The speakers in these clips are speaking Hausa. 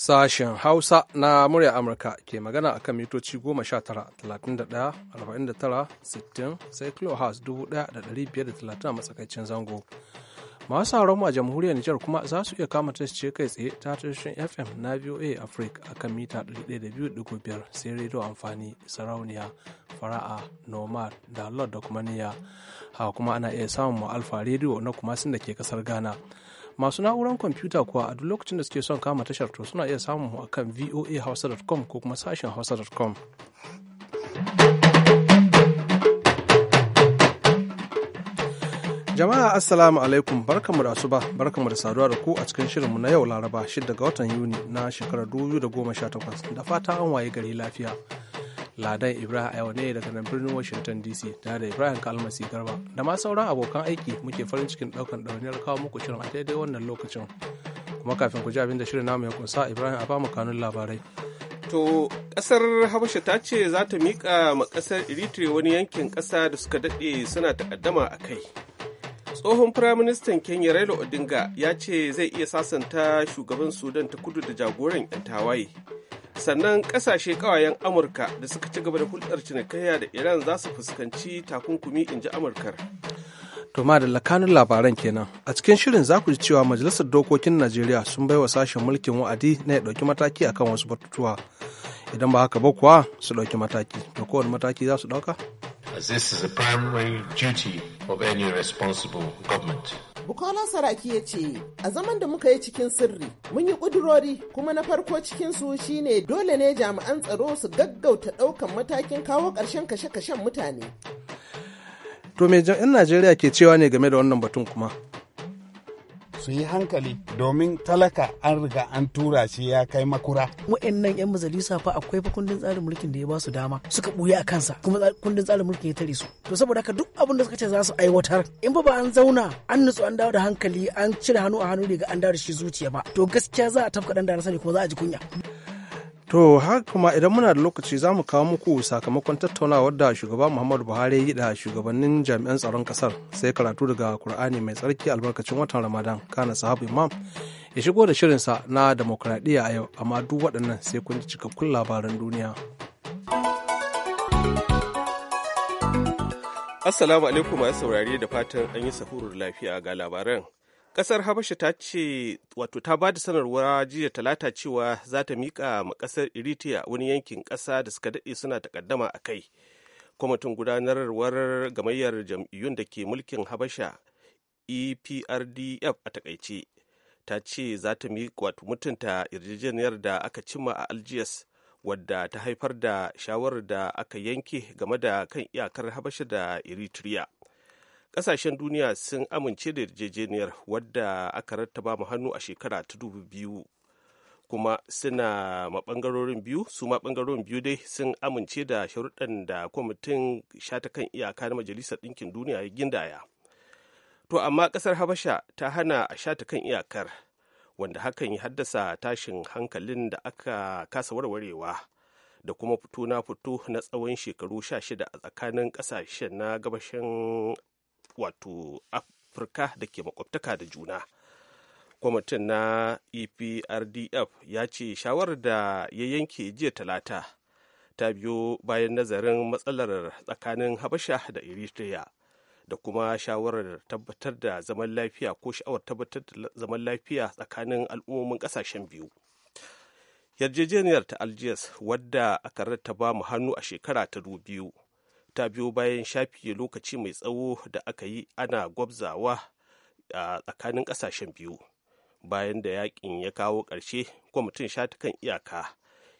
Sashen Hausa na murya Amurka ke magana akan mitoci 19-31-49-60 sai 1,530 a matsakaicin zango. Masu sauranmu a jamhuriyar Nijar kuma za su iya kama ce kai tsaye ta tashoshin FM na VOA Africa akan mita 102.5 sai rediyo amfani sarauniya fara'a nomad da lord da kuma niya. Haka kuma ana iya samun mu alfa rediyo na kuma sun da ke kasar Ghana. masu na'urar kwamfuta kuwa a duk lokacin da suke son kama tashar to suna iya samun mu akan voahausa.com ko kuma sashen hausa.com jama'a assalamu alaikum barkamu da asuba barkamu da saduwa da ku a cikin shirinmu na yau laraba 6 ga watan yuni na shekarar 2018 da fata an waye gari lafiya Ladan Ibrahim Ayo ne daga nan birnin Washington DC tare da Ibrahim Kalmasi Garba da ma sauran abokan aiki muke farin cikin daukan ɗauniyar kawo muku shirin a daidai wannan lokacin. Kuma kafin ku ji abin da shirin namu ya kunsa Ibrahim a bamu kanun labarai. To kasar Habasha ta ce za ta miƙa ma kasar Eritrea wani yankin ƙasa da suka daɗe suna takaddama a kai. tsohon firaministan kenya raila odinga ya ce zai iya sasanta shugaban sudan ta kudu da jagoran 'yan tawaye sannan kasashe kawayen amurka da suka ci gaba da hulɗar cinikayya da iran za su fuskanci takunkumi in ji amurkar to ma da lakanun labaran kenan a cikin shirin za ku ji cewa majalisar dokokin najeriya sun bai wa sashen mulkin wa'adi na ya ɗauki mataki akan wasu batutuwa idan ba haka ba kuwa su ɗauki mataki da kowane mataki za su ɗauka As this is primary duty of any responsible government. Bukola Saraki ya ce, a zaman da muka yi cikin sirri, mun yi ƙudurori kuma na farko cikinsu shine dole ne jami'an tsaro su gaggauta ɗaukan matakin kawo ƙarshen kashe-kashen mutane. To me 'yan Najeriya ke cewa ne game da wannan batun kuma? su yi hankali domin talaka an riga an tura shi ya kai makura. Wa'annan 'yan majalisa fa akwai fa kundin tsarin mulkin da ya ba su dama suka buya a kansa kuma kundin tsarin mulkin ya tare su. To saboda haka duk abin da suka ce za su aiwatar in ba ba an zauna an nutsu an dawo da hankali an cire hannu a hannu daga an dawo da shi zuciya ba to gaskiya za a tafka dan da na sani kuma za a ji kunya. To haka kuma idan muna da lokaci za mu kawo muku sakamakon tattaunawar da shugaba Muhammadu Buhari yi da shugabannin jami'an tsaron kasar sai karatu daga Kur'ani mai tsarki albarkacin watan Ramadan kana sahabu Imam ya shigo da shirinsa na demokradiyya a yau amma duk waɗannan sai kun ji cikakkun labaran duniya. Assalamu alaikum masu saurari da fatan an yi sahurar lafiya ga labaran. Ƙasar Habasha ta ce wato ta ba da sanarwar jiya talata cewa za ta miƙa ma ƙasar Eritrea wani yankin ƙasa da suka daɗe suna takaddama a kai. Kwamitin gudanarwar gamayyar jam'iyyun da ke mulkin Habasha EPRDF a takaice ta ce za ta wato mutunta yarjejeniyar da aka cimma a Algiers wadda ta haifar da shawarar da aka yanke game da kan iyakar Habasha da Eritrea. kasashen duniya sun amince da yarjejeniyar wadda aka rattaba mu hannu a shekara ta dubu biyu kuma suna maɓangarorin biyu su ma biyu dai sun amince da sharuɗan da kwamitin shatakan iyaka na majalisar ɗinkin duniya ya gindaya to amma ƙasar habasha ta hana a kan iyakar wanda hakan ya haddasa tashin hankalin da aka kasa warwarewa da kuma fito na fito na tsawon shekaru 16 a tsakanin kasashen na gabashin wato afirka da ke makwabtaka da juna kwamitin na eprdf ya ce shawarar da ya yanke jiya talata ta biyo bayan nazarin matsalar tsakanin habasha da eritrea da kuma shawarar tabbatar da zaman lafiya ko sha'awar tabbatar da zaman lafiya tsakanin al'ummomin kasashen biyu yarjejeniyar ta algiers wadda aka rattaba mu hannu a shekara ta biyu ta biyo bayan shafi lokaci mai tsawo da aka yi ana gwabzawa a tsakanin ƙasashen biyu bayan da yakin ya kawo ƙarshe kwamitin shatukan iyaka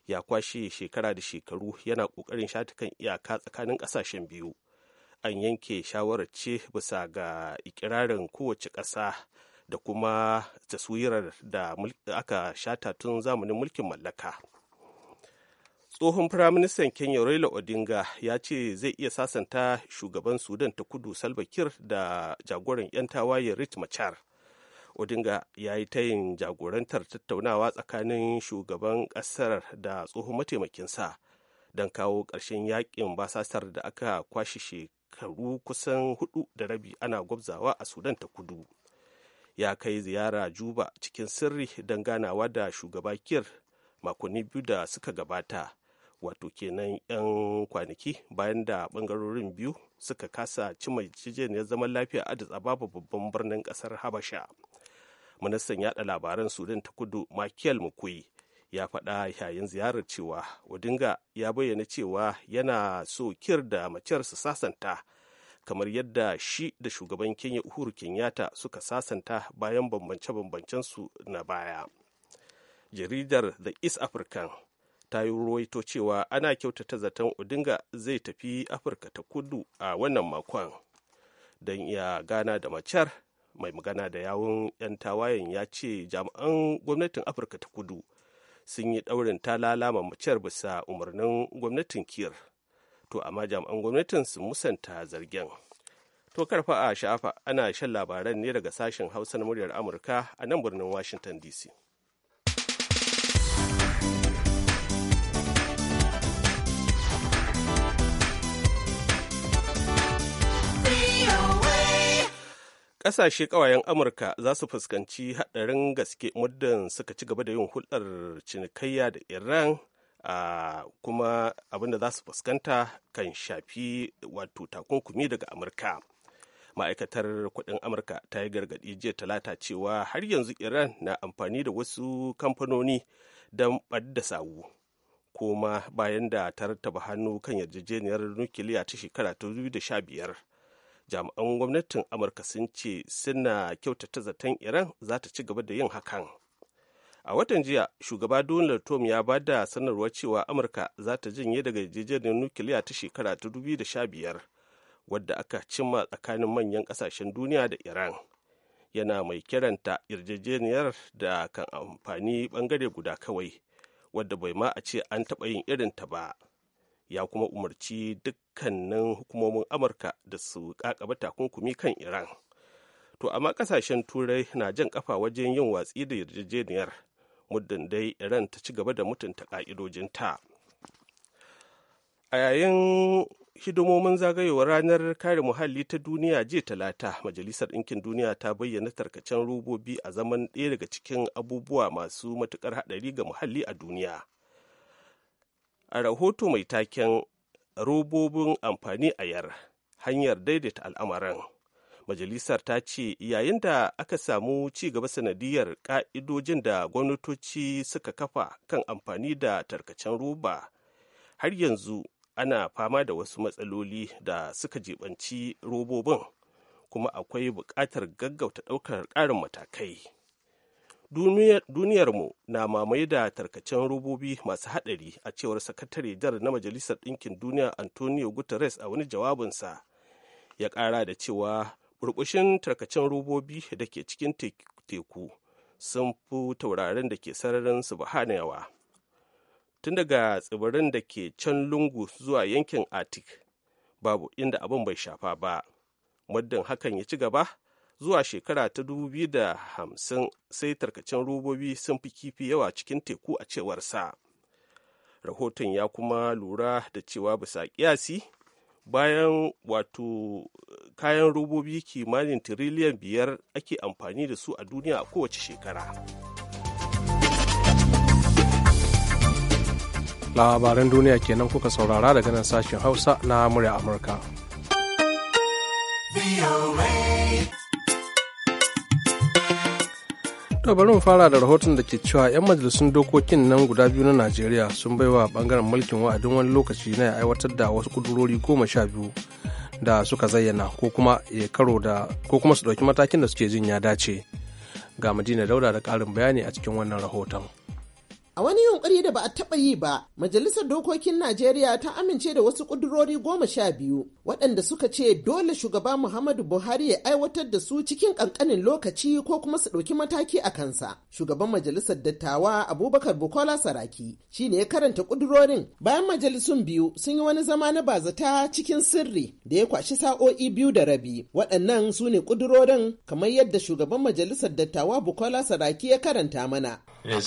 ya kwashe shekara da shekaru yana ƙoƙarin shatukan iyaka tsakanin ƙasashen biyu an yanke shawarar ce bisa ga ikirarin kowace ƙasa da kuma taswirar da aka shata tun zamanin mulkin mallaka. tsohon firaministan kenya raila odinga ya ce zai iya sasanta shugaban sudan ta kudu salva kir da jagoran 'yan tawaye rich machar odinga ya yi tayin jagorantar tattaunawa tsakanin shugaban ƙasar da tsohon mataimakinsa don kawo ƙarshen yakin basasar da aka kwashe shekaru kusan hudu da rabi ana gwabzawa a sudan ta kudu ya kai ziyara juba cikin sirri don ganawa da shugaba kir makonni biyu da suka gabata wato kenan 'yan kwanaki bayan da bangarorin biyu suka kasa cima yarjejeniyar zaman lafiya a ababa babban birnin kasar habasha ministan yada labaran sudan ta kudu michael mukui ya faɗa yayin ziyarar cewa odinga ya bayyana cewa yana so kir da maciyar su sasanta kamar yadda shi da shugaban kenya uhuru kenyatta suka sasanta bayan bambance-bambancensu na baya jaridar the east african ta yi ruwaito cewa ana kyautata zaton odinga zai tafi afirka ta kudu a wannan makon don iya gana da macar mai magana da yawun 'yan tawayen ya ce jami'an gwamnatin afirka ta kudu sun yi ɗaurin ta lalama macar bisa umarnin gwamnatin kiyar to amma jami'an gwamnatin sun musanta zargen to karfa a sha'afa ana shan labaran ne daga sashen hausa na muryar amurka a nan birnin washington dc Ƙasashe ƙawayen Amurka za su fuskanci haɗarin gaske muddin suka ci gaba da yin hulɗar cinikayya da Iran a kuma abinda za su fuskanta kan shafi wato takunkumi daga Amurka. Ma'aikatar Kudin Amurka ta yi gargaɗi jiya talata cewa har yanzu Iran na amfani da wasu kamfanoni don ɓadda sawu. Kuma bayan da ta rattaba hannu kan yarjejeniyar nukiliya ta shekara ta biyar. jami'an gwamnatin amurka sun ce suna kyautata zaton iran za ta ci gaba da yin hakan a watan jiya shugaba donald trump ya ba da sanarwar cewa amurka za ta janye daga yarjejeniyar nukiliya ta shekara ta biyar, wadda aka cimma tsakanin manyan kasashen duniya da iran yana mai kiranta yarjejeniyar da kan amfani bangare guda kawai wadda bai ma a ce an taɓa yin irinta ba ya kuma umarci dukkanin hukumomin amurka da su kakaba takunkumi kan iran to amma kasashen turai na jan kafa wajen yin watsi da yarjejeniyar muddin dai iran ta ci gaba da mutunta ka'idojinta a yayin hidimomin zagayowar ranar kare muhalli ta duniya jiya talata majalisar ɗinkin duniya ta bayyana tarkacen robobi a zaman ɗaya daga cikin abubuwa masu matuƙar haɗari ga muhalli a duniya a rahoto mai taken robobin amfani a yar hanyar daidaita al'amarin majalisar ta ce yayin da aka samu ci gaba sanadiyar ƙa'idojin da gwamnatoci suka kafa kan amfani da tarkacen roba har yanzu ana fama da wasu matsaloli da suka jibanci robobin kuma akwai buƙatar gaggauta ɗaukar ƙarin matakai duniyarmu na mamaye da tarkacen robobi masu haɗari a cewar sakatare jar na majalisar ɗinkin duniya antonio guterres a wani jawabinsa ya ƙara da cewa burbushin tarkacen robobi da ke cikin teku sun fi taurarin da ke sararin su yawa tun daga tsibirin da ke can lungu zuwa yankin arctic babu inda abin bai shafa ba muddin hakan ya ci gaba zuwa shekara ta 2050 sai tarkacen robobi sun fi kifi yawa cikin teku a cewar sa. Rahoton ya kuma lura da cewa bisa kiyasi bayan wato kayan robobi kimanin tiriliyan biyar ake amfani da su a duniya a kowace shekara. Labaran duniya kenan kuka saurara daga nan sashen Hausa na murya Amurka. To bari mu fara da rahoton da ke cewa 'yan majalisun dokokin nan guda biyu na Najeriya sun bai wa bangaren mulkin wa'adin wani lokaci na ya aiwatar da wasu kudurori goma sha biyu da suka zayyana ko kuma ya karo da ko kuma su ɗauki matakin da suke jin ya dace. Ga Madina Dauda da ƙarin bayani a cikin wannan rahoton. A wani yunkuri da ba a taɓa yi ba, Majalisar Dokokin Najeriya ta amince da wasu ƙudurori goma sha biyu waɗanda suka ce dole shugaba Muhammadu Buhari ya aiwatar da su cikin ƙanƙanin lokaci ko kuma su ɗauki mataki a kansa. Shugaban Majalisar Dattawa Abubakar Bukola Saraki shine ya karanta ƙudurorin bayan majalisun biyu sun yi wani zama na bazata cikin sirri da ya kwashi sa'o'i biyu da rabi. Waɗannan su ne ƙudurorin kamar yadda shugaban Majalisar Dattawa Bukola Saraki ya karanta mana. In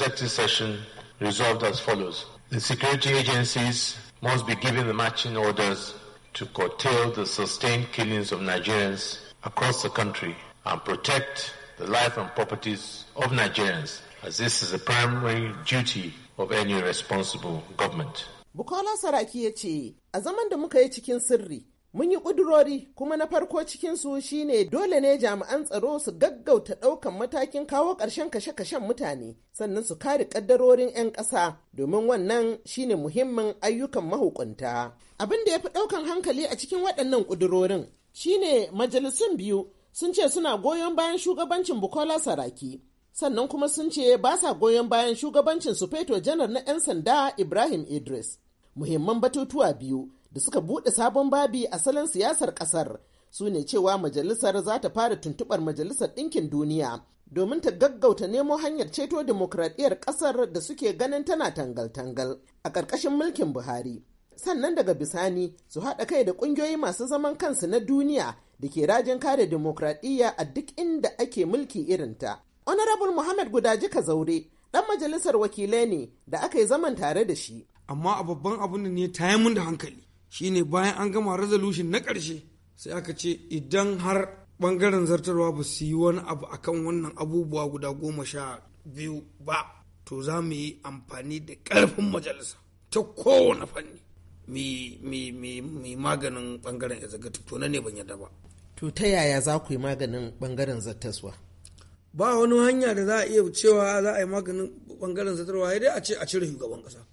resolved as follows. The security agencies must be given the marching orders to curtail the sustained killings of Nigerians across the country and protect the life and properties of Nigerians, as this is the primary duty of any responsible government. Bukola Saraki ya ce, a zaman da muka yi cikin sirri, Mun yi ƙudurori kuma na farko cikinsu shine dole ne jami'an tsaro su gaggauta ɗaukan matakin kawo ƙarshen kashe-kashen mutane sannan su kare ƙaddarorin 'yan ƙasa domin wannan shine muhimmin ayyukan mahukunta. Abin da ya fi ɗaukan hankali a cikin waɗannan ƙudurorin shine majalisun biyu sun ce suna goyon bayan shugabancin Bukola Saraki. Sannan kuma sun ce ba sa goyon bayan shugabancin Sufeto janar na 'yan sanda Ibrahim Idris. Muhimman batutuwa biyu da suka buɗe sabon babi a salon siyasar ƙasar su ne cewa majalisar za ta fara tuntuɓar majalisar ɗinkin duniya domin ta gaggauta nemo hanyar ceto demokradiyyar ƙasar da suke ganin tana tangal-tangal a ƙarƙashin mulkin Buhari. Sannan daga bisani su haɗa kai da ƙungiyoyi masu zaman kansu na duniya da ke rajin kare demokradiyya a duk inda ake mulki irinta. Honorable Muhammad jika zaure, ɗan majalisar wakilai ne da aka yi zaman tare da shi. Amma a babban abun ne ta mun da hankali. shine bayan an gama resolution na ƙarshe sai aka ce idan har ɓangaren zartarwa ba su yi wani abu akan wannan abubuwa guda goma sha biyu ba to za mu yi amfani da ƙarfin majalisa ta kowane fanni mai maganin ɓangaren executive to na ne ban yadda ba to ta yaya za ku yi maganin ɓangaren zartaswa? ba wani hanya da za a iya cewa za a yi maganin bangaren zartarwa ya dai a ce a cire shugaban ƙasa.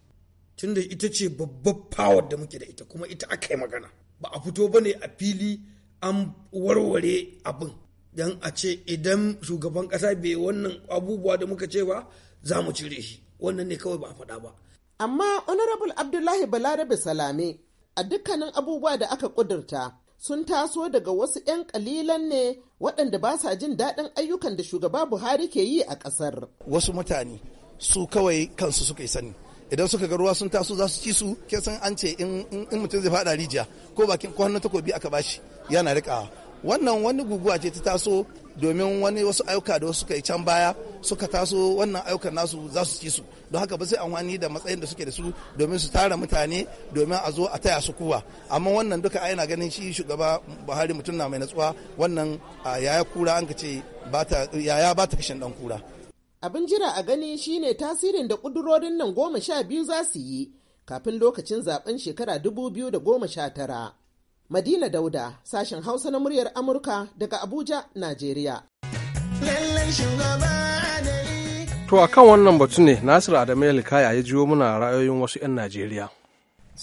tunda ita ce babbar power da muke da ita kuma ita aka yi magana ba a fito ba ne a fili an warware abin don a ce idan shugaban kasa bai wannan abubuwa da muka ce ba za mu cire shi wannan ne kawai ba a faɗa ba amma honorable abdullahi balarabe salame a dukkanin abubuwa da aka ƙudurta sun taso daga wasu 'yan kalilan ne waɗanda ba sa jin daɗin ayyukan da shugaba buhari ke yi a ƙasar wasu mutane su kawai kansu suka yi sani idan suka ga ruwa sun taso za su ci su ke san an ce in mutum zai fada rijiya ko bakin ko hannun takobi aka bashi yana rikawa wannan wani guguwa ce ta taso domin wani wasu ayyuka da wasu kai can baya suka taso wannan ayyukan nasu za su ci su don haka ba sai amfani da matsayin da suke da su domin su tara mutane domin a zo a taya su kuwa amma wannan duka a yana ganin shi shugaba buhari mutum na mai natsuwa wannan yaya kura an ka ce yaya ba ta kashin dan kura Abin jira a gani shine tasirin da ƙudurorin nan goma sha biyu za su yi kafin lokacin zaben shekara dubu biyu da goma sha tara. Madina Dauda, sashen Hausa na muryar Amurka daga Abuja, Najeriya. To a kan wannan batu ne Nasiru Adamu Likaya ya jiwo muna ra'ayoyin wasu 'yan Najeriya.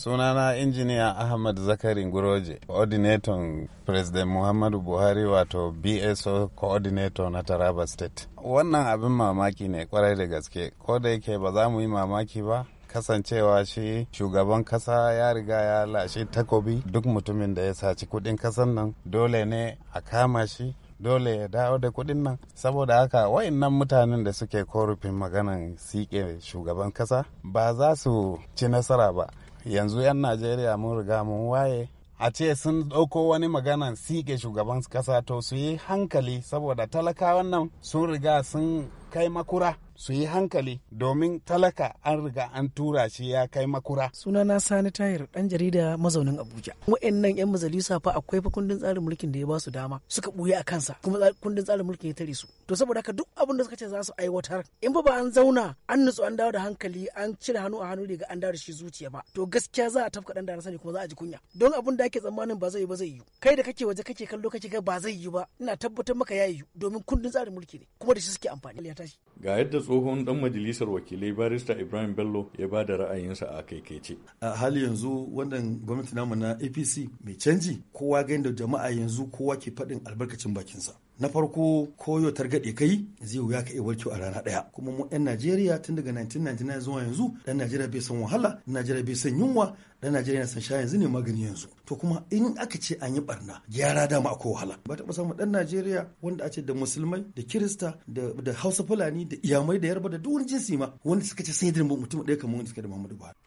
sunana injiniya ahmad zakari guroje coordinator president muhammadu buhari wato bso coordinator na taraba state wannan abin mamaki ne kwarai da gaske ko da yake ba za mu yi mamaki ba kasancewa shi shugaban kasa ya riga ya lashe takobi duk mutumin da ya saci kudin kasan nan dole ne a kama shi dole ya dawo da kuɗin nan saboda haka wayannan mutanen da suke korufin maganan sike shugaban kasa ba za su ci nasara ba yanzu 'yan najeriya mun riga mun waye a ce sun ɗauko wani maganan sike shugaban kasa to su yi hankali saboda talakawan nan sun riga sun kai makura su yi hankali domin talaka an riga an tura shi ya kai makura. Sunana Sani Tahir dan jarida mazaunin Abuja. Wa'annan yan majalisa fa akwai fa kundin tsarin mulkin da ya ba su dama suka buya a kansa kuma kundin tsarin mulkin ya tare su. To saboda haka duk abin da suka ce za su aiwatar in ba ba an zauna an nutsu an dawo da hankali an cire hannu a hannu daga an dawo da shi zuciya ba to gaskiya za a tafka dan da sani kuma za a ji kunya. Don abin da ake tsammanin ba zai yi ba zai yi. Kai da kake waje kake kallo kake ga ba zai yi ba ina tabbatar maka ya yi domin kundin tsarin mulki ne kuma da shi suke amfani. ga yadda tsohon dan majalisar wakilai barista Ibrahim Bello ya ba da ra'ayinsa a ce. a hali yanzu wannan gwamnati namu na APC mai canji kowa ga da jama'a yanzu kowa ke faɗin albarkacin bakinsa na farko koyo targaɗe kai zai wuya ka iya a rana ɗaya kuma mu 'yan najeriya tun daga 1999 zuwa yanzu ɗan najeriya bai san wahala ɗan najeriya bai san yunwa ɗan najeriya na san sha yanzu ne magani yanzu to kuma in aka ce an yi barna gyara dama akwai wahala ba taɓa samun ɗan najeriya wanda a ce da musulmai da kirista da hausa fulani da iyamai da yarba da duk wani jinsi ma wanda suka ce sai da mutum ɗaya kamar wanda suka da muhammadu buhari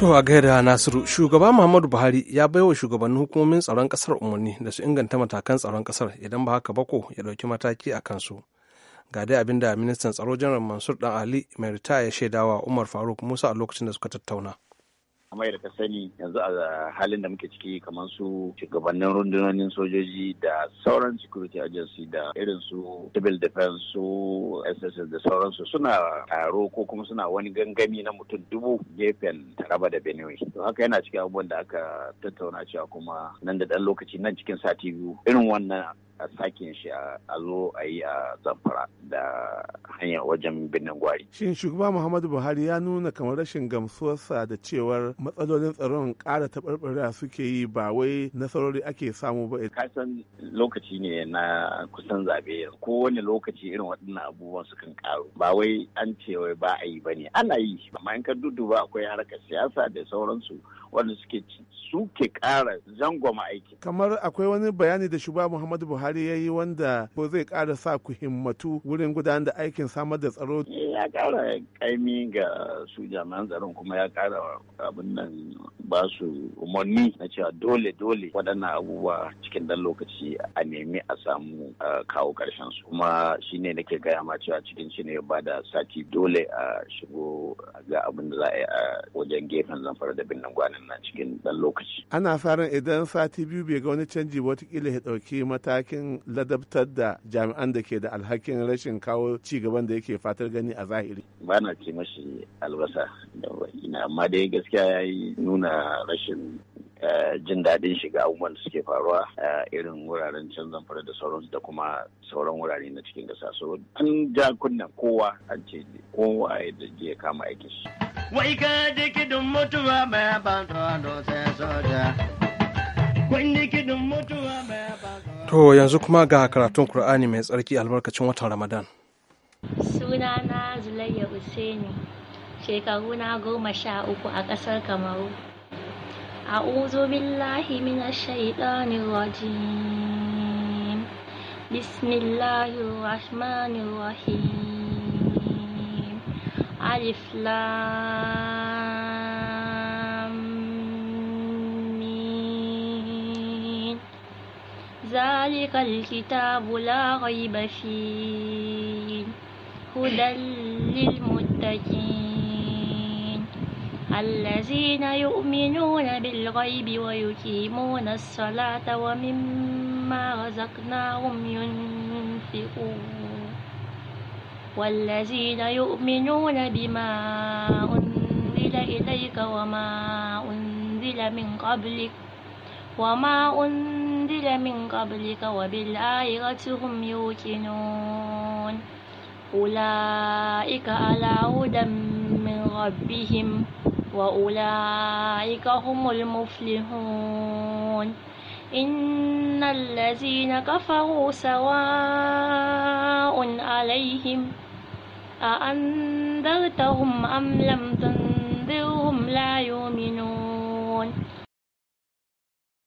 To a Nasiru, shugaba Muhammadu Buhari ya bai wa shugabannin hukumomin tsaron kasar umarni da su inganta matakan tsaron kasar idan ba haka bako ya ɗauki mataki a kansu. Ga dai abin ministan tsaro janar Mansur Dan Ali mai ritaya ya shaidawa Umar Faruk Musa a lokacin da suka tattauna. kamar da ka sani yanzu a halin da muke ciki kamar su shugabannin rundunonin sojoji da sauran security agency da irin su civil defense su sss da sauransu suna taro ko kuma suna wani gangami na mutum dubu gefen taraba da benue to haka yana cikin abubuwan da aka tattauna cewa kuma nan da dan lokaci nan cikin sati biyu irin wannan a sakin shi a zo a yi a zamfara da hanyar wajen birnin gwari. Shin shugaba Muhammadu Buhari ya nuna kamar rashin gamsuwarsa da cewar matsalolin tsaron kara taɓarɓara suke yi ba wai nasarori ake samu ba. Kasan lokaci ne na kusan zaɓe Ko kowane lokaci irin waɗannan abubuwan su kan ƙaru ba wai an ce wai ba a yi ba ne ana yi amma in ka duduba akwai harkar siyasa da sauransu wanda suke suke ƙara zangoma aiki. Kamar akwai wani bayani da shugaba Muhammadu Buhari ya yi wanda ko zai kara sa ku himmatu wurin gudanar da aikin samar da tsaro. Eh, ya ƙara ƙaimi ga su jami'an tsaron kuma ya kara abin nan ba su umarni na cewa dole dole waɗannan abubuwa cikin dan lokaci a nemi a samu kawo ƙarshen su. Kuma shine nake gaya ma cewa cikin shi ne ba da sati dole a shigo ga abin da za a yi a wajen gefen zamfara da binnan gwanin. nan na cikin ɗan lokaci. Ana farin idan sati biyu bai ga wani canji watakila ya ɗauki matakin ladabtar da jami'an da ke da alhakin rashin kawo ci gaban da yake fatar gani a zahiri. Ba na ce mashi albasa da amma dai gaskiya ya yi nuna rashin Eh, jin daɗin shiga abubuwan da suke faruwa eh, irin wuraren can zamfara da sauran, da kuma sauran wurare na cikin ƙasa so an ja kunna kowa an ce kowa da ya kama aikin shi. wai ka diki kidin mutuwa mai ban wasu sai soja To yanzu kuma ga karatun Kur'ani mai tsarki albarkacin watan Ramadan. Sunana Zulayya Usaini, shekaru na goma sha uku a ƙasar Kamaru. أعوذ بالله من الشيطان الرجيم بسم الله الرحمن الرحيم ألف لام ذلك الكتاب لا ريب فيه هدى للمتقين الذين يؤمنون بالغيب ويقيمون الصلاة ومما رزقناهم ينفقون والذين يؤمنون بما أنزل إليك وما أنزل من قبلك وما أنزل من قبلك وبالآخرة هم يوقنون أولئك على هدى من ربهم وأولئك هم المفلحون إن الذين كفروا سواء عليهم أأنذرتهم أم لم تنذرهم لا يؤمنون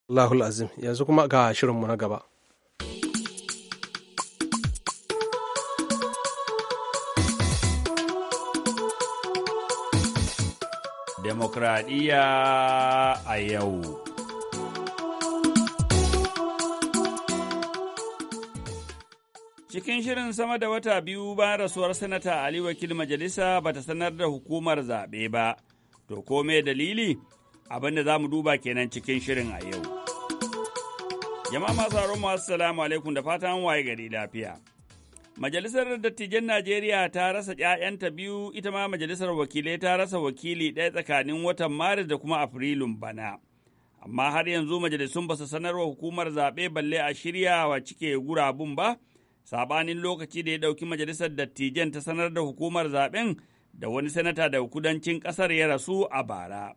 الله العظيم يا زكما كاشر من demokradiyya a yau. Cikin shirin sama da wata biyu ba rasuwar Sanata Ali Wakil Majalisa ba ta sanar da hukumar zaɓe ba, to kome dalili abinda za mu duba kenan cikin shirin a yau. Jama'a masu masu salamu alaikum da fatan waye gari lafiya. Majalisar Dattijan Najeriya ta rasa ‘ya'yanta biyu, ita ma Majalisar Wakilai ta rasa wakili ɗaya tsakanin watan Maris da kuma Afrilun bana. Amma har yanzu majalisun ba su sanarwa hukumar zaɓe balle a shirya wa cike gurabun ba, Sabanin lokaci da ya ɗauki Majalisar Dattijan ta sanar da hukumar zaɓen da wani sanata daga kudancin ƙasar ya rasu a bara.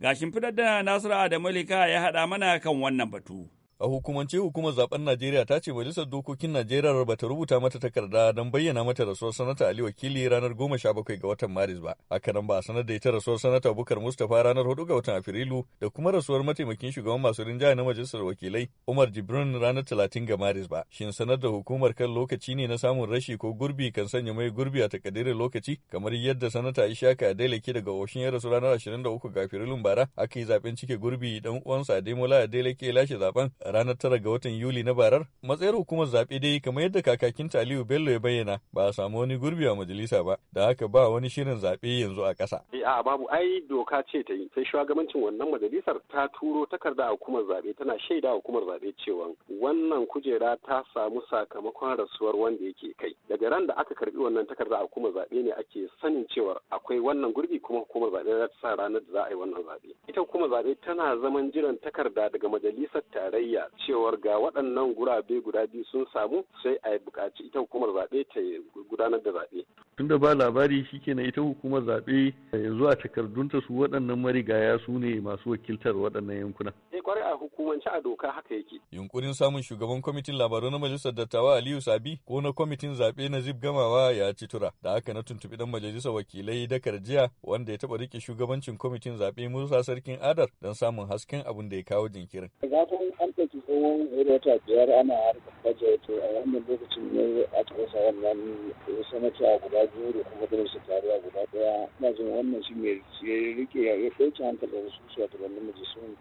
Ga shimfidar da Nasiru Adamu ya haɗa mana kan wannan batu. A hukumance hukumar zaben Najeriya ta ce majalisar dokokin Najeriya ba ta rubuta mata takarda don bayyana mata rasuwar sanata Ali Wakili ranar goma sha bakwai ga watan Maris ba. Haka nan ba a sanar da ita rasuwar sanata Bukar Mustapha ranar hudu ga watan Afrilu da kuma rasuwar mataimakin shugaban masu rinjaya na majalisar wakilai Umar Jibrin ranar talatin ga Maris ba. Shin sanar da hukumar kan lokaci ne na samun rashi ko gurbi kan sanya mai gurbi a takaddarin lokaci kamar yadda sanata Ishaka Adeleke daga Oshin ya rasu ranar ashirin da uku ga Afrilun bara aka yi zaben cike gurbi dan uwansa Ademola Adeleke lashe zaben ranar tara ga watan Yuli na barar, matsayar hukumar zaɓe dai kamar yadda kakakinta Aliyu Bello ya bayyana ba a samu wani gurbi a majalisa ba, da haka ba wani shirin zaɓe yanzu a ƙasa. Eh, a babu ai doka ce ta yi, sai shugabancin wannan majalisar ta turo takarda a hukumar zaɓe tana shaida a hukumar zaɓe cewa wannan kujera ta samu sakamakon rasuwar wanda yake kai. Daga ran da aka karbi wannan takarda a hukumar zaɓe ne ake sanin cewa akwai wannan gurbi kuma hukumar zaɓe za ta sa ranar da za a yi wannan zaɓe. Ita hukumar zaɓe tana zaman jiran takarda daga majalisar tarayya tarayya cewar ga waɗannan gurabe guda biyu sun samu sai a buƙaci ita hukumar zaɓe ta gudanar da zaɓe. Tunda ba labari shi shikenan ita hukumar zaɓe yanzu a takardunta su waɗannan marigaya su ne masu wakiltar waɗannan yankuna. Eh kwarai a hukumance a doka haka yake. Yunkurin samun shugaban kwamitin labaru na majalisar dattawa Aliyu Sabi ko na kwamitin zaɓe na Zib Gamawa ya ci tura. Da haka na tuntuɓi ɗan majalisar wakilai Dakar Jiya wanda ya taɓa rike shugabancin kwamitin zaɓe Musa Sarkin Adar don samun hasken abin da ya kawo jinkirin. tsawon wata biyar ana harka baje to a wannan lokacin ne a rasa wannan sanata guda biyu da kuma darasa taruwa guda daya na jin wannan shi ne ya rike ya ɗauke hankalin su su a tabannin majalisun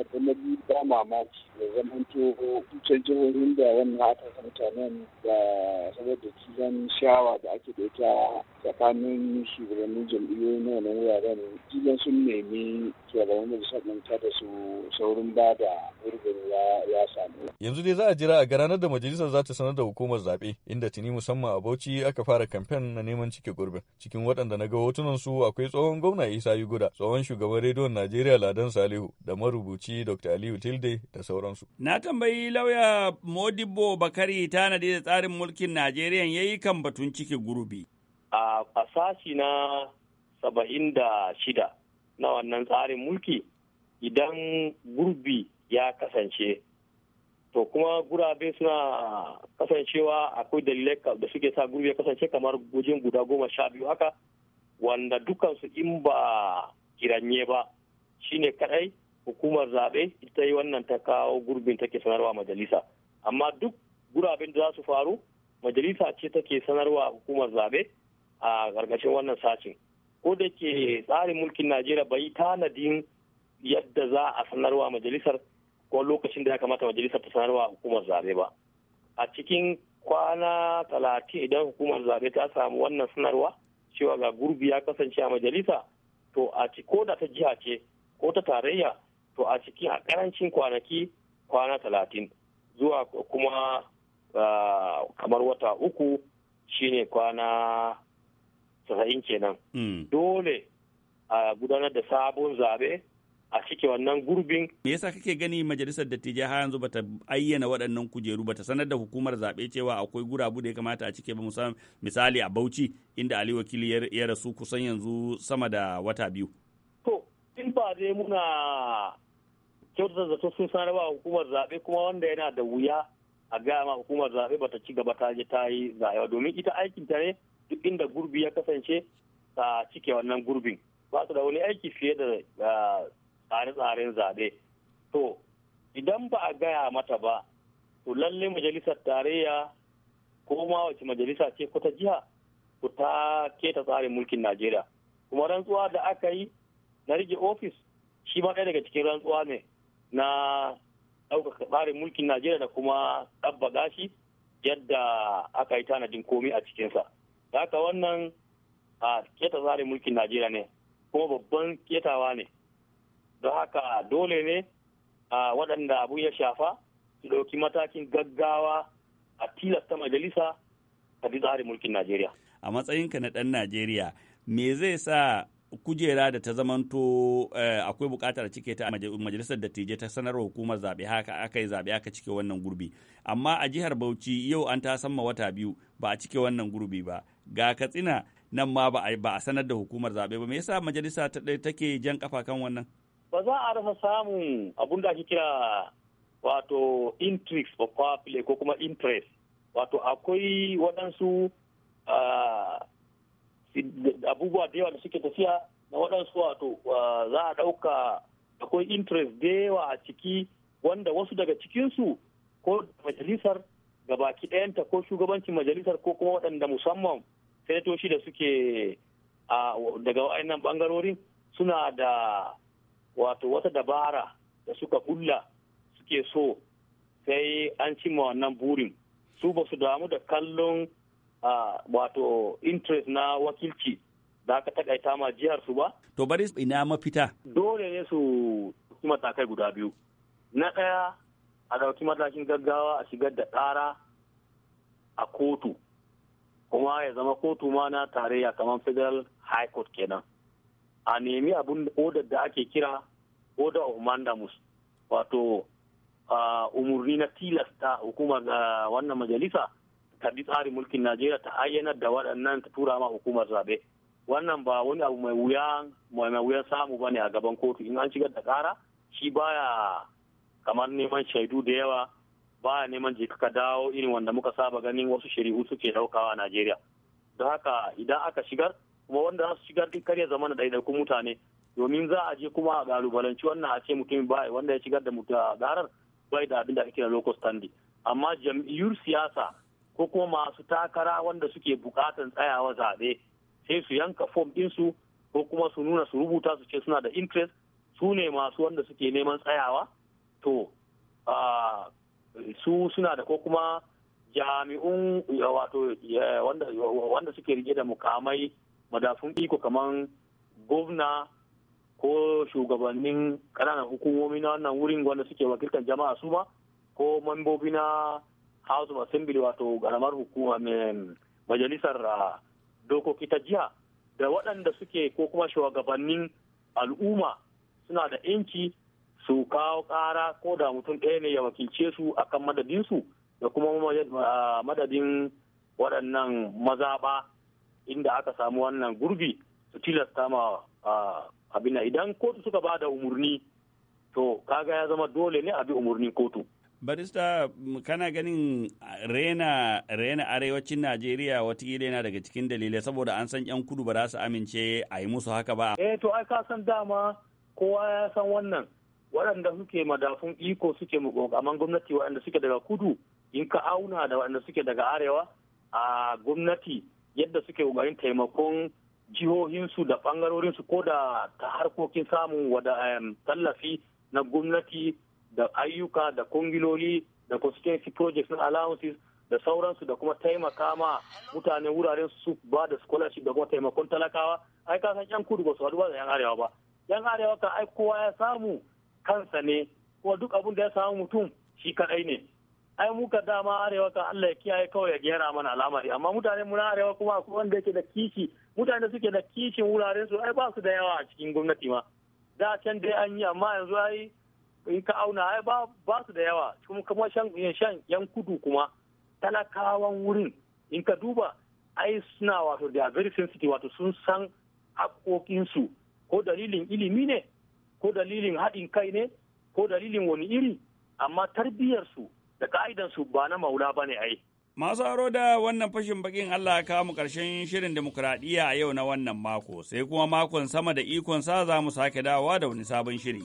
abu na biyu ba mamaki da zaman toho can jihohin da wannan aka mutanen da da kilan shawa da ake da ita tsakanin shugabannin jam'iyyoyi na wannan wuraren kilan sun nemi da kada su saurin ba da ya samu. Yanzu dai za a jira a ranar da majalisar za ta sanar da hukumar zaɓe inda tuni musamman a Bauchi aka fara kamfen na neman cike gurbin. Cikin waɗanda na ga hotunan su akwai tsohon gwamna Isa Yuguda, tsohon shugaban rediyon Najeriya Ladan Salihu da marubuci Dr. Aliyu Tilde da sauransu. Na tambayi lauya Modibo Bakari tanadi da tsarin mulkin Najeriya ya yi kan batun cike gurbi. A sashi na saba'in da shida na wannan tsarin mulki idan gurbi ya kasance to kuma gurabe suna kasancewa akwai dalilai da suke sa gurbi ya kasance kamar gujin guda goma sha biyu haka wanda dukansu in ba kiranye ba shine kadai hukumar zaɓe ita yi wannan ta kawo gurbin take sanarwa majalisa amma duk guraben da za su faru majalisa ce take sanarwa hukumar zaɓe a gargashin wannan sacin ko da ke tsarin mulkin najeriya bai yi tanadin yadda za a sanarwa majalisar ko lokacin da ya kamata majalisar ta sanarwa hukumar zabe ba a cikin kwana talatin idan hukumar zabe ta samu wannan sanarwa cewa ga gurbi ya kasance a majalisa to a ko da ta jiha ce ko ta tarayya to a cikin a karancin kwanaki kwana talatin zuwa kuma ah, kamar wata uku shine kwana casa'in kenan hmm. dole a gudanar da sabon zaɓe a cike wannan gurbin. Me yasa kake gani majalisar dattijai har yanzu bata ayyana waɗannan kujeru bata sanar da hukumar zabe cewa akwai gurabu da ya kamata a cike ba musamman misali a Bauchi inda Ali Wakili ya rasu kusan yanzu sama da wata biyu. To in ba dai muna kyautata zato sun sanar ba hukumar zaɓe kuma wanda yana da wuya a gaya ma hukumar zaɓe bata ci gaba ta je ta yi zaɓe domin ita aikinta ne duk inda gurbi ya kasance ta cike wannan gurbin ba su da wani aiki fiye da ah, tsare-tsaren zaɓe to idan ba a gaya mata ba to lalle majalisar tarayya ko ma wace majalisa ce ko ta jiha ku ta keta tsarin mulkin najeriya kuma rantsuwa da aka yi na rige ofis shi ma ɗaya daga cikin rantsuwa ne na ɗaukaka tsarin mulkin najeriya da kuma ɗabbaga shi yadda aka yi tanadin komi a cikinsa haka wannan a keta tsarin mulkin najeriya ne kuma babban ketawa ne don haka dole ne a waɗanda abu ya shafa su ɗauki matakin gaggawa a tilasta majalisa a tsarin mulkin najeriya a matsayinka na ɗan najeriya me zai sa kujera da ta zamanto eh, akwai bukatar cike ta majalisar dattijai ta sanarwa hukumar zaɓe haka aka yi zaɓe aka cike wannan gurbi amma a jihar bauchi yau an ta samma wata biyu ba a cike wannan gurbi ba ga katsina nan ma ba a sanar da hukumar zaɓe ba me yasa majalisa ta take jan kafa kan wannan ba za a rasa samun abun da ake kira wato intrigues ko ko kuma interest wato akwai waɗansu ah, abubuwa da yawa da suke tafiya na waɗansu wato za a ɗauka akwai interest da yawa a ciki wanda wasu daga cikinsu ko majalisar gabaki ɗayanta ko shugabancin majalisar ko kuma waɗanda musamman senatoci da suke daga wa'annan ɓangarorin suna da wato wata dabara da suka bulla suke so sai an cimma wannan burin su ba su damu da kallon wato interest na wakilci da aka takaita ma jihar su ba. To bari ina mafita. Dole ne su ɗauki matakai guda biyu. Na ɗaya a ɗauki matakin gaggawa a shigar da ƙara a kotu kuma ya zama kotu ma na tarayya kamar federal high court kenan. A nemi abin odar da ake kira order of mandamus wato umurni na tilasta hukumar wannan majalisa bi tsarin mulkin najeriya ta ayyanar da waɗannan ta tura ma hukumar zaɓe wannan ba wani abu mai wuya mai wuyan samu bane a gaban kotu in an shigar da ƙara shi baya kamar neman shaidu da yawa baya neman jikaka dawo irin wanda muka saba ganin wasu shari'u suke daukawa a najeriya don haka idan aka shigar kuma wanda za su shigar duk karya zamana zama na ɗaiɗaikun mutane domin za a je kuma a ƙalubalanci wannan a ce mutum ba wanda ya shigar da mutum a ƙarar bai da abin da ake da local standing amma jam'iyyar siyasa ko kuma masu takara wanda suke bukatan tsayawa zaɓe sai su yanka fom ɗinsu ko kuma su nuna su rubuta su ce suna da interest su ne masu wanda suke neman tsayawa to su suna da ko kuma jami'un wato wanda suke rike da mukamai madafun iko kamar gwamna ko shugabannin ƙananan hukumomi na wannan wurin wanda suke wakiltar jama'a su ma ko mambobi na house of assembly wato garamar hukuma majalisar ah, dokoki ta jiha da waɗanda suke ko kuma shugabannin al'umma suna da yanci su kawo ƙara ko da mutum ɗaya ne ya wakilce su akan madadinsu da kuma ah, madadin waɗannan mazaɓa inda aka samu wannan gurbi su tilasta ma ah, abin idan kotu suka ba da umarni to kaga ya zama dole ne a bi umarnin kotu barista kana ganin rena rena arewacin najeriya watakila yana daga cikin dalilai saboda an san yan kudu ba za su amince a yi musu haka ba eh to ai ka san dama kowa ya san wannan waɗanda suke madafun iko suke kokaman gwamnati waɗanda suke daga kudu in ka auna da waɗanda suke daga arewa a gwamnati yadda suke ƙoƙarin taimakon jihohinsu da su ko da ta harkokin samun wada tallafi na gwamnati da ayyuka da kungiloli da constituency projects na allowances da sauransu da kuma taimaka ma mutane wuraren su ba da scholarship da kuma taimakon talakawa ai ka san yan kudu ba su haɗu ba da yan arewa ba yan arewa ka ai kowa ya samu kansa ne kuma duk abin da ya samu mutum shi kadai ne ai muka dama arewa ka Allah ya kiyaye kawai ya gyara mana al'amari amma mutane mu na arewa kuma akwai wanda yake da kishi mutane suke da kishin wuraren su ai ba su da yawa a cikin gwamnati ma da can dai an yi amma yanzu ai in ka auna ai ba ba su da yawa kuma shan shan yan kudu kuma talakawan wurin in ka duba ai suna wato da very sensitive wato sun san su ko dalilin ilimi ne ko dalilin haɗin kai ne ko dalilin wani iri amma tarbiyyarsu da ka'idansu ba na maula bane ai. Masu aro da wannan fashin bakin Allah kawo mu karshen shirin demokuraɗiyya a yau na wannan mako sai kuma makon sama da ikon sa za mu sake dawa da wani sabon shiri.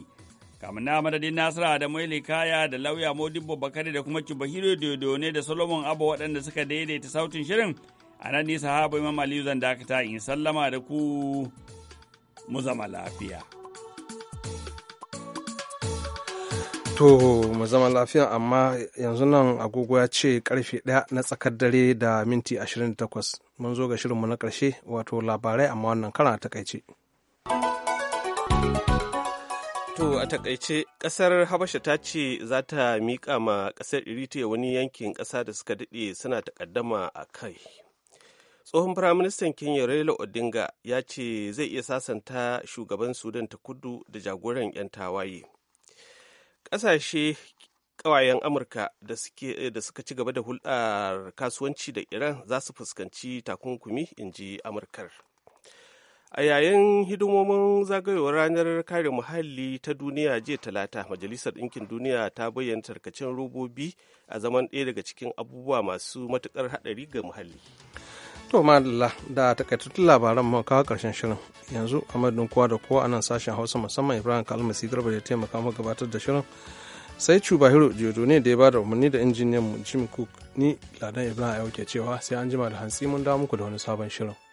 kamar na madadin nasara da maili kaya da lauya modibbo bakari da kuma kibahiro dodo ne da solomon abu waɗanda suka daidaita sautin shirin a nan nisa habu imam aliyu zan dakata in sallama da ku mu zama lafiya to mu zama lafiya amma yanzu nan agogo ya ce karfe ɗaya na tsakar dare da minti 28 mun zo ga shirin mu na karshe wato labarai amma wannan a takaice. To a takaice kasar Habasha ta ce za ta miƙa ma kasar Eritrea wani yankin ƙasa da suka daɗe suna takaddama a kai. Tsohon Firaministan Kenya Raila Odinga ya ce zai iya sasanta shugaban Sudan ta kudu da jagoran 'yan tawaye. Ƙasashe ƙawayen Amurka da suka ci gaba da hulɗar kasuwanci da Iran za su fuskanci takunkumi, in ji Amurkar. a yayin hidimomin zagayowar ranar kare muhalli ta duniya jiya talata majalisar ɗinkin duniya ta bayyana tarkacen robobi a zaman ɗaya daga cikin abubuwa masu matuƙar haɗari ga muhalli to ma'adala da takaitattun labaran mu kawo karshen shirin yanzu amadun kowa da kowa a nan sashen hausa musamman ibrahim kalmasi garba da taimaka mu gabatar da shirin sai Hiro Jiyoto ne da ya bada umarni da injiniyan mu jim cook ni ladan ibrahim ya wuce cewa sai an jima da hantsi mun dawo muku da wani sabon shirin